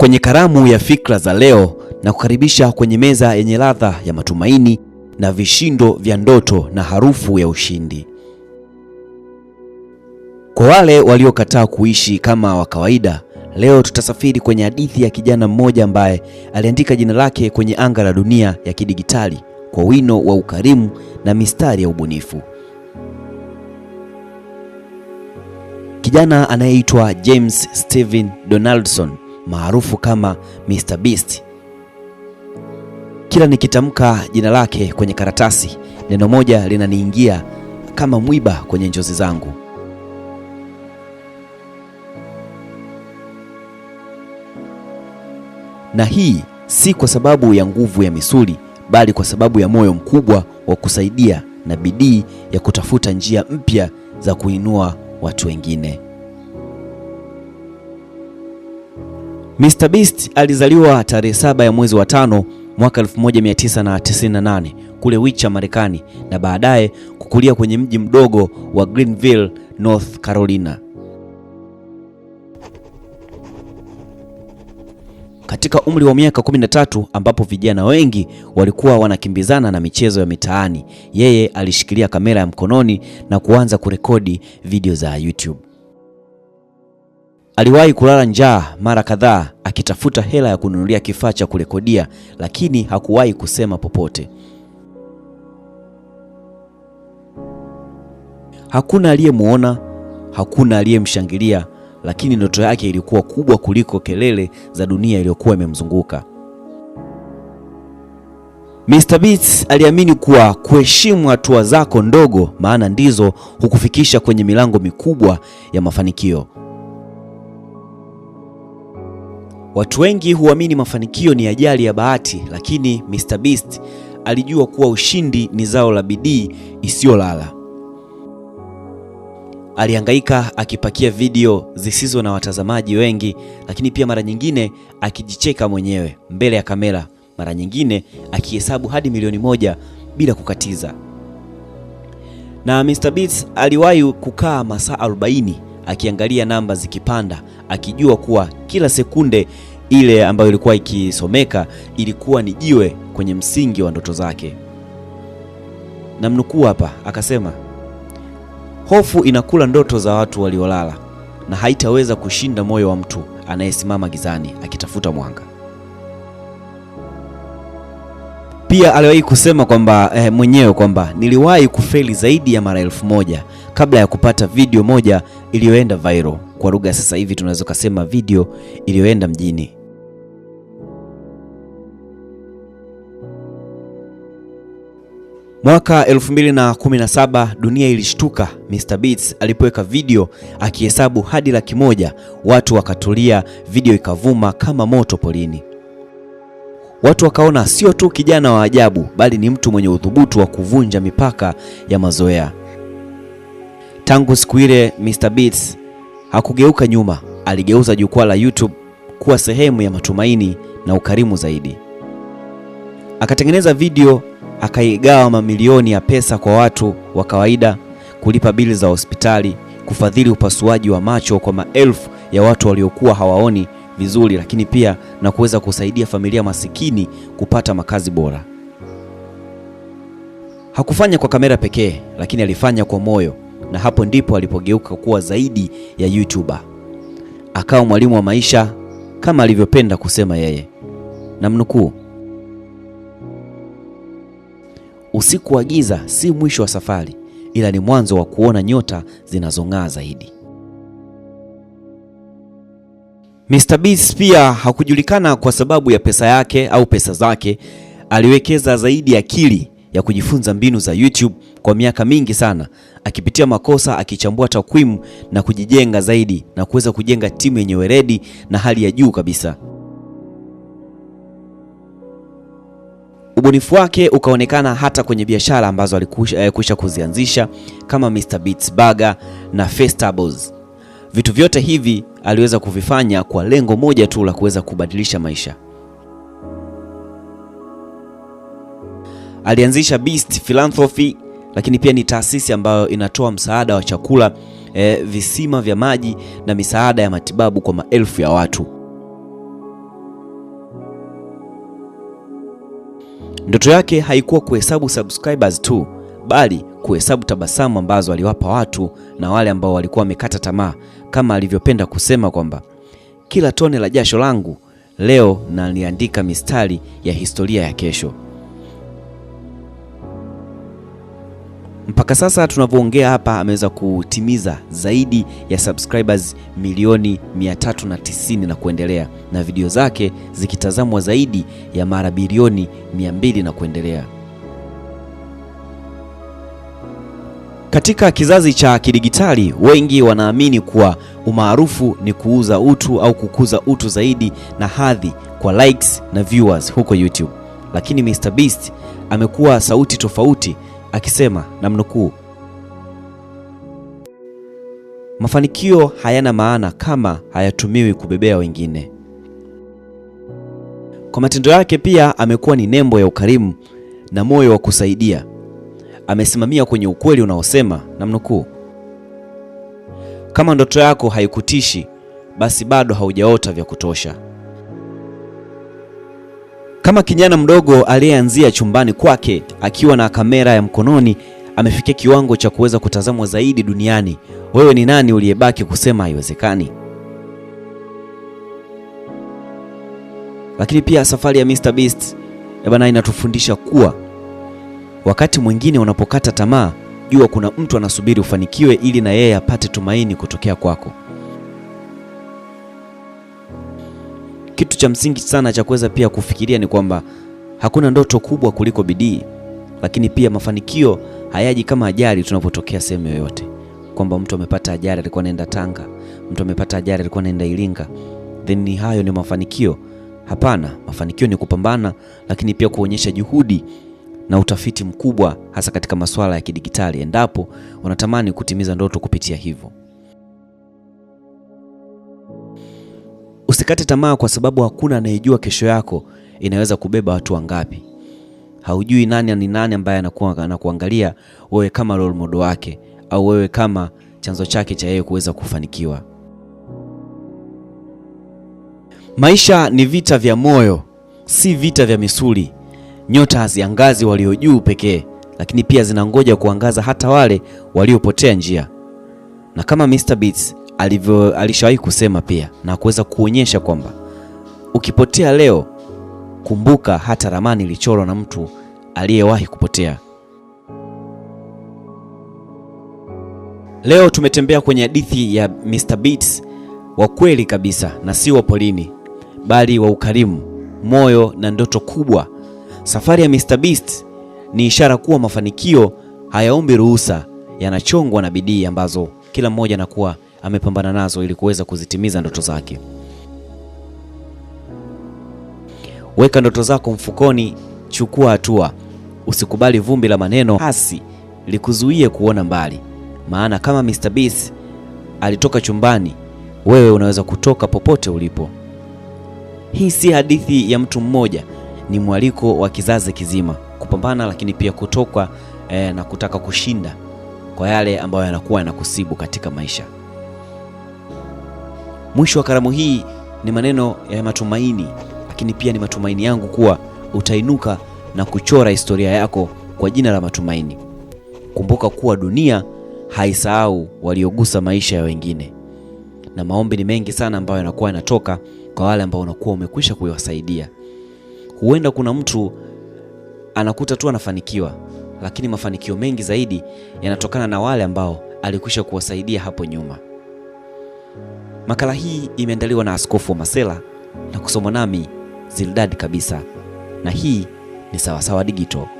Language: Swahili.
Kwenye karamu ya fikra za leo na kukaribisha kwenye meza yenye ladha ya matumaini na vishindo vya ndoto na harufu ya ushindi. Kwa wale waliokataa kuishi kama wa kawaida, leo tutasafiri kwenye hadithi ya kijana mmoja ambaye aliandika jina lake kwenye anga la dunia ya kidigitali kwa wino wa ukarimu na mistari ya ubunifu. Kijana anayeitwa James Steven Donaldson maarufu kama Mr Beast. Kila nikitamka jina lake kwenye karatasi, neno moja linaniingia kama mwiba kwenye njozi zangu. Na hii si kwa sababu ya nguvu ya misuli, bali kwa sababu ya moyo mkubwa wa kusaidia na bidii ya kutafuta njia mpya za kuinua watu wengine. Mr Beast alizaliwa tarehe saba ya mwezi wa tano mwaka 1998 kule Wicha, Marekani na baadaye kukulia kwenye mji mdogo wa Greenville, North Carolina. Katika umri wa miaka 13 ambapo vijana wengi walikuwa wanakimbizana na michezo ya mitaani, yeye alishikilia kamera ya mkononi na kuanza kurekodi video za YouTube. Aliwahi kulala njaa mara kadhaa akitafuta hela ya kununulia kifaa cha kurekodia, lakini hakuwahi kusema popote. Hakuna aliyemwona, hakuna aliyemshangilia, lakini ndoto yake ilikuwa kubwa kuliko kelele za dunia iliyokuwa imemzunguka. Mr Beats aliamini kuwa kuheshimu hatua zako ndogo, maana ndizo hukufikisha kwenye milango mikubwa ya mafanikio. Watu wengi huamini mafanikio ni ajali ya bahati, lakini Mr Beast alijua kuwa ushindi ni zao la bidii isiyolala. Alihangaika akipakia video zisizo na watazamaji wengi, lakini pia mara nyingine akijicheka mwenyewe mbele ya kamera, mara nyingine akihesabu hadi milioni moja bila kukatiza. Na Mr Beast aliwahi kukaa masaa 40 akiangalia namba zikipanda, akijua kuwa kila sekunde ile ambayo ilikuwa ikisomeka ilikuwa ni jiwe kwenye msingi wa ndoto zake. Namnukuu hapa akasema, hofu inakula ndoto za watu waliolala na haitaweza kushinda moyo wa mtu anayesimama gizani akitafuta mwanga. Pia aliwahi kusema kwamba eh, mwenyewe kwamba niliwahi kufeli zaidi ya mara elfu moja kabla ya kupata video moja iliyoenda viral. Kwa lugha sasa hivi tunaweza kusema video iliyoenda mjini. Mwaka 2017 dunia ilishtuka Mr Beats alipoweka video akihesabu hadi laki moja, watu wakatulia, video ikavuma kama moto polini. Watu wakaona sio tu kijana wa ajabu bali ni mtu mwenye udhubutu wa kuvunja mipaka ya mazoea. Tangu siku ile Mr Beats hakugeuka nyuma, aligeuza jukwaa la YouTube kuwa sehemu ya matumaini na ukarimu zaidi. Akatengeneza video akaigawa mamilioni ya pesa kwa watu wa kawaida kulipa bili za hospitali, kufadhili upasuaji wa macho kwa maelfu ya watu waliokuwa hawaoni vizuri, lakini pia na kuweza kusaidia familia masikini kupata makazi bora. Hakufanya kwa kamera pekee, lakini alifanya kwa moyo, na hapo ndipo alipogeuka kuwa zaidi ya YouTuber. Akawa mwalimu wa maisha kama alivyopenda kusema yeye, namnukuu Usiku wa giza si mwisho wa safari, ila ni mwanzo wa kuona nyota zinazong'aa zaidi. Mr Beast pia hakujulikana kwa sababu ya pesa yake au pesa zake. Aliwekeza zaidi akili ya kujifunza mbinu za YouTube kwa miaka mingi sana, akipitia makosa, akichambua takwimu na kujijenga zaidi na kuweza kujenga timu yenye weledi na hali ya juu kabisa. Ubunifu wake ukaonekana hata kwenye biashara ambazo alikwisha eh, kuzianzisha kama Mr Beats Burger na Festables. Vitu vyote hivi aliweza kuvifanya kwa lengo moja tu la kuweza kubadilisha maisha. Alianzisha Beast Philanthropy, lakini pia ni taasisi ambayo inatoa msaada wa chakula, eh, visima vya maji na misaada ya matibabu kwa maelfu ya watu. Ndoto yake haikuwa kuhesabu subscribers tu, bali kuhesabu tabasamu ambazo aliwapa watu na wale ambao walikuwa wamekata tamaa, kama alivyopenda kusema kwamba kila tone la jasho langu leo naliandika mistari ya historia ya kesho. mpaka sasa tunavyoongea hapa ameweza kutimiza zaidi ya subscribers milioni 390 na kuendelea, na video zake zikitazamwa zaidi ya mara bilioni 200 na kuendelea. Katika kizazi cha kidigitali, wengi wanaamini kuwa umaarufu ni kuuza utu au kukuza utu zaidi na hadhi kwa likes na viewers huko YouTube, lakini Beast amekuwa sauti tofauti akisema namnukuu, mafanikio hayana maana kama hayatumiwi kubebea wengine. Kwa matendo yake pia amekuwa ni nembo ya ukarimu na moyo wa kusaidia. Amesimamia kwenye ukweli unaosema namnukuu, kama ndoto yako haikutishi basi bado haujaota vya kutosha. Kama kijana mdogo aliyeanzia chumbani kwake akiwa na kamera ya mkononi amefikia kiwango cha kuweza kutazamwa zaidi duniani, wewe ni nani uliyebaki kusema haiwezekani? Lakini pia safari ya Mr Beast bana inatufundisha kuwa wakati mwingine unapokata tamaa, jua kuna mtu anasubiri ufanikiwe ili na yeye apate tumaini kutokea kwako. Kitu cha msingi sana cha kuweza pia kufikiria ni kwamba hakuna ndoto kubwa kuliko bidii, lakini pia mafanikio hayaji kama ajali tunapotokea sehemu yoyote, kwamba mtu amepata ajali, alikuwa anaenda Tanga, mtu amepata ajali, alikuwa anaenda Iringa, then ni hayo ni mafanikio? Hapana, mafanikio ni kupambana, lakini pia kuonyesha juhudi na utafiti mkubwa hasa katika masuala ya kidigitali, endapo unatamani kutimiza ndoto kupitia hivyo. Usikate tamaa kwa sababu hakuna anayejua kesho yako inaweza kubeba watu wangapi. Haujui nani ni nani ambaye anakuwa anakuangalia wewe kama role model wake au wewe kama chanzo chake cha yeye kuweza kufanikiwa. Maisha ni vita vya moyo, si vita vya misuli. Nyota haziangazi walio juu pekee, lakini pia zinangoja kuangaza hata wale waliopotea njia. Na kama Mr Beats alivyo alishawahi kusema pia na kuweza kuonyesha kwamba ukipotea leo, kumbuka hata ramani ilichorwa na mtu aliyewahi kupotea. Leo tumetembea kwenye hadithi ya Mr Beats wa kweli kabisa, na si wa polini, bali wa ukarimu, moyo na ndoto kubwa. Safari ya Mr Beast ni ishara kuwa mafanikio hayaombi ruhusa, yanachongwa na bidii ambazo kila mmoja anakuwa amepambana nazo ili kuweza kuzitimiza ndoto zake. Weka ndoto zako mfukoni, chukua hatua. Usikubali vumbi la maneno hasi likuzuie kuona mbali, maana kama Mr Beast alitoka chumbani, wewe unaweza kutoka popote ulipo. Hii si hadithi ya mtu mmoja, ni mwaliko wa kizazi kizima kupambana, lakini pia kutoka eh, na kutaka kushinda kwa yale ambayo yanakuwa yanakusibu katika maisha. Mwisho wa karamu hii ni maneno ya matumaini, lakini pia ni matumaini yangu kuwa utainuka na kuchora historia yako kwa jina la matumaini. Kumbuka kuwa dunia haisahau waliogusa maisha ya wengine, na maombi ni mengi sana ambayo yanakuwa yanatoka kwa wale ambao unakuwa umekwisha kuwasaidia. Huenda kuna mtu anakuta tu anafanikiwa, lakini mafanikio mengi zaidi yanatokana na wale ambao alikwisha kuwasaidia hapo nyuma. Makala hii imeandaliwa na Askofu wa Masela na kusomwa nami Zildad Kabisa, na hii ni Sawasawa Digital.